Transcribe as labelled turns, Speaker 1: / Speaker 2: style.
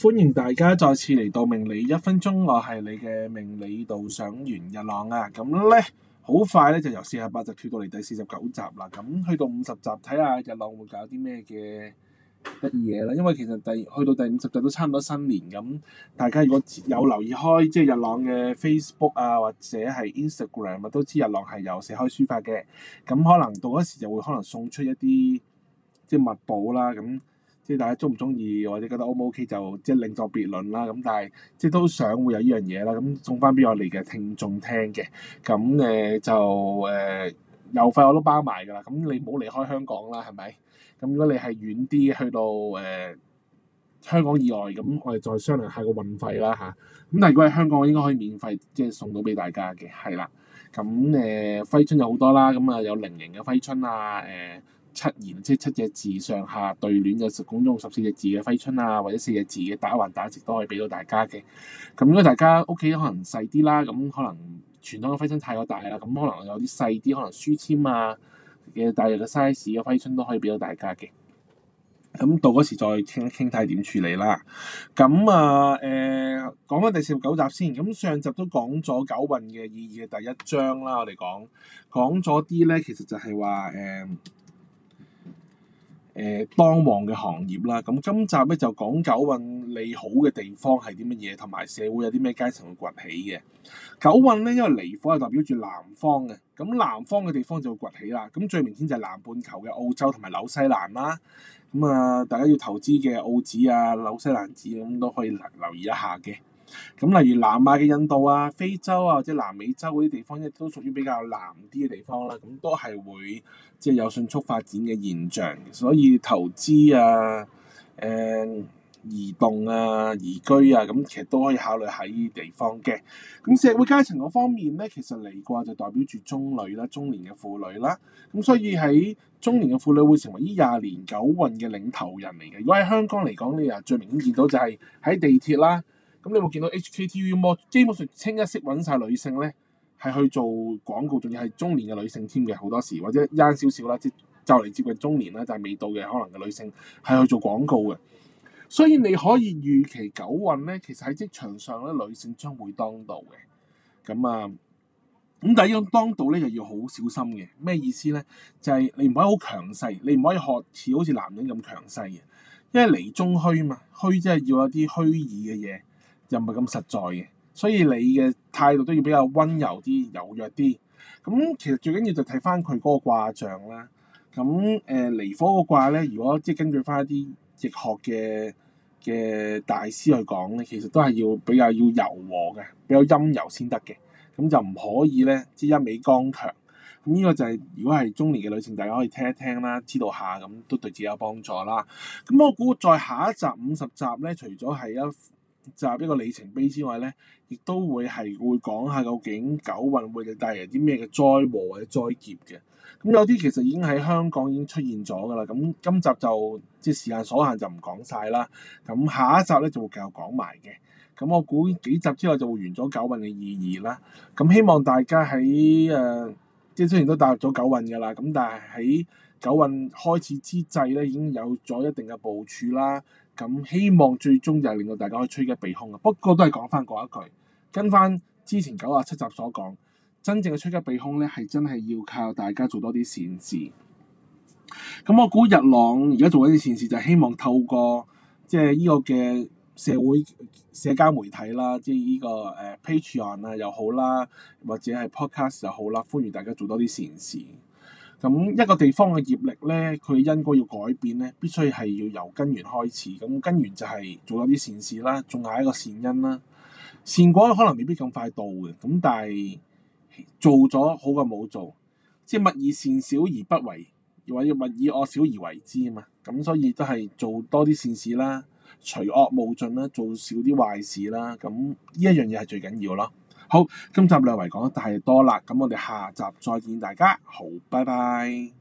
Speaker 1: 歡迎大家再次嚟到命理一分鐘，我係你嘅命理導賞員日朗啊！咁呢，好快呢，就由四十八集跳到嚟第四十九集啦。咁去到五十集，睇下日朗會搞啲咩嘅得意嘢啦。因為其實第去到第五十集都差唔多新年咁，大家如果有留意開即係日朗嘅 Facebook 啊，或者係 Instagram 啊，都知日朗係有寫開書法嘅。咁可能到嗰時就會可能送出一啲即係墨寶啦。咁～即係大家中唔中意，或者覺得 O 唔 O K 就即係另作別論啦。咁但係即係都想會有呢樣嘢啦。咁送翻俾我哋嘅聽眾聽嘅。咁誒、呃、就誒郵、呃、費我都包埋㗎啦。咁你唔好離開香港啦，係咪？咁如果你係遠啲去到誒、呃、香港以外，咁我哋再商量下個運費啦嚇。咁、啊、但係如果喺香港，我應該可以免費即係送到俾大家嘅，係啦。咁誒揮春有好多啦，咁啊有零型嘅揮春啊誒。呃七言即係七隻字上下對聯嘅時，共十四隻字嘅揮春啊，或者四隻字嘅打橫打直都可以俾到大家嘅。咁如果大家屋企可能細啲啦，咁可能傳統嘅揮春太過大啦，咁可能有啲細啲，可能書籤啊嘅大約嘅 size 嘅揮春都可以俾到大家嘅。咁到嗰時再傾一傾睇點處理啦。咁啊，誒講翻第四十九集先。咁上集都講咗九運嘅意義嘅第一章啦。我哋講講咗啲咧，其實就係話誒。呃誒當旺嘅行業啦，咁今集咧就講九運利好嘅地方係啲乜嘢，同埋社會有啲咩階層會崛起嘅。九運咧，因為離火係代表住南方嘅，咁南方嘅地方就會崛起啦。咁最明顯就係南半球嘅澳洲同埋紐西蘭啦。咁啊，大家要投資嘅澳紙啊、紐西蘭紙咁、啊、都可以留留意一下嘅。咁例如南亞嘅印度啊、非洲啊、或者南美洲嗰啲地方，即都屬於比較南啲嘅地方啦。咁都係會即係有迅速發展嘅現象，所以投資啊、誒、嗯、移動啊、移居啊，咁其實都可以考慮喺呢啲地方嘅。咁社會階層嗰方面咧，其實嚟嘅就代表住中女啦、中年嘅婦女啦。咁所以喺中年嘅婦女會成為呢廿年九運嘅領頭人嚟嘅。如果喺香港嚟講，你又最明顯見到就係喺地鐵啦。咁你會見到 HKTV 麼？基本上清一色揾晒女性咧，係去做廣告，仲要係中年嘅女性添嘅好多時，或者 young 少少啦，即就嚟接近中年啦，就係未到嘅可能嘅女性係去做廣告嘅。所以你可以預期九運咧，其實喺職場上咧，女性將會當道嘅。咁啊，咁但係呢種當道咧，就要好小心嘅。咩意思咧？就係、是、你唔可以好強勢，你唔可以學似好似男人咁強勢嘅，因為離中虛啊嘛，虛即係要有一啲虛擬嘅嘢。又唔係咁實在嘅，所以你嘅態度都要比較溫柔啲、柔弱啲。咁其實最緊要就睇翻佢嗰個卦象啦。咁誒離火嗰卦咧，如果即係根據翻一啲易學嘅嘅大師去講咧，其實都係要比較要柔和嘅，比較陰柔先得嘅。咁就唔可以咧，即一味剛強。咁呢個就係、是、如果係中年嘅女性，大家可以聽一聽啦，知道下咁都對自己有幫助啦。咁我估再下一集五十集咧，除咗係一。集一個里程碑之外咧，亦都會係會講下究竟九運會帶嚟啲咩嘅災禍或者災劫嘅。咁有啲其實已經喺香港已經出現咗㗎喇。咁今集就即係時間所限就唔講晒啦。咁下一集咧就會繼續講埋嘅。咁我估幾集之後就會完咗九運嘅意義啦。咁希望大家喺誒、呃，即係雖然都踏入咗九運㗎喇，咁但係喺九運開始之際咧已經有咗一定嘅部署啦。咁希望最終就係令到大家可以趨吉避兇啊！不過都係講翻嗰一句，跟翻之前九啊七集所講，真正嘅吹吉避兇咧係真係要靠大家做多啲善事。咁我估日朗而家做緊啲善事就係希望透過即係呢個嘅社會社交媒體啦，即係呢、這個誒 Patreon 啊又好啦，或者係 Podcast 又好啦，歡迎大家做多啲善事。咁一個地方嘅業力咧，佢因果要改變咧，必須係要由根源開始。咁根源就係做多啲善事啦，仲係一個善因啦。善果可能未必咁快到嘅，咁但係做咗好過冇做，即係勿以善小而不為，或要勿以惡小而為之啊嘛。咁所以都係做多啲善事啦，除惡務盡啦，做少啲壞事啦。咁呢一樣嘢係最緊要咯。好，今集兩位講得太多啦，咁我哋下集再見大家，好，拜拜。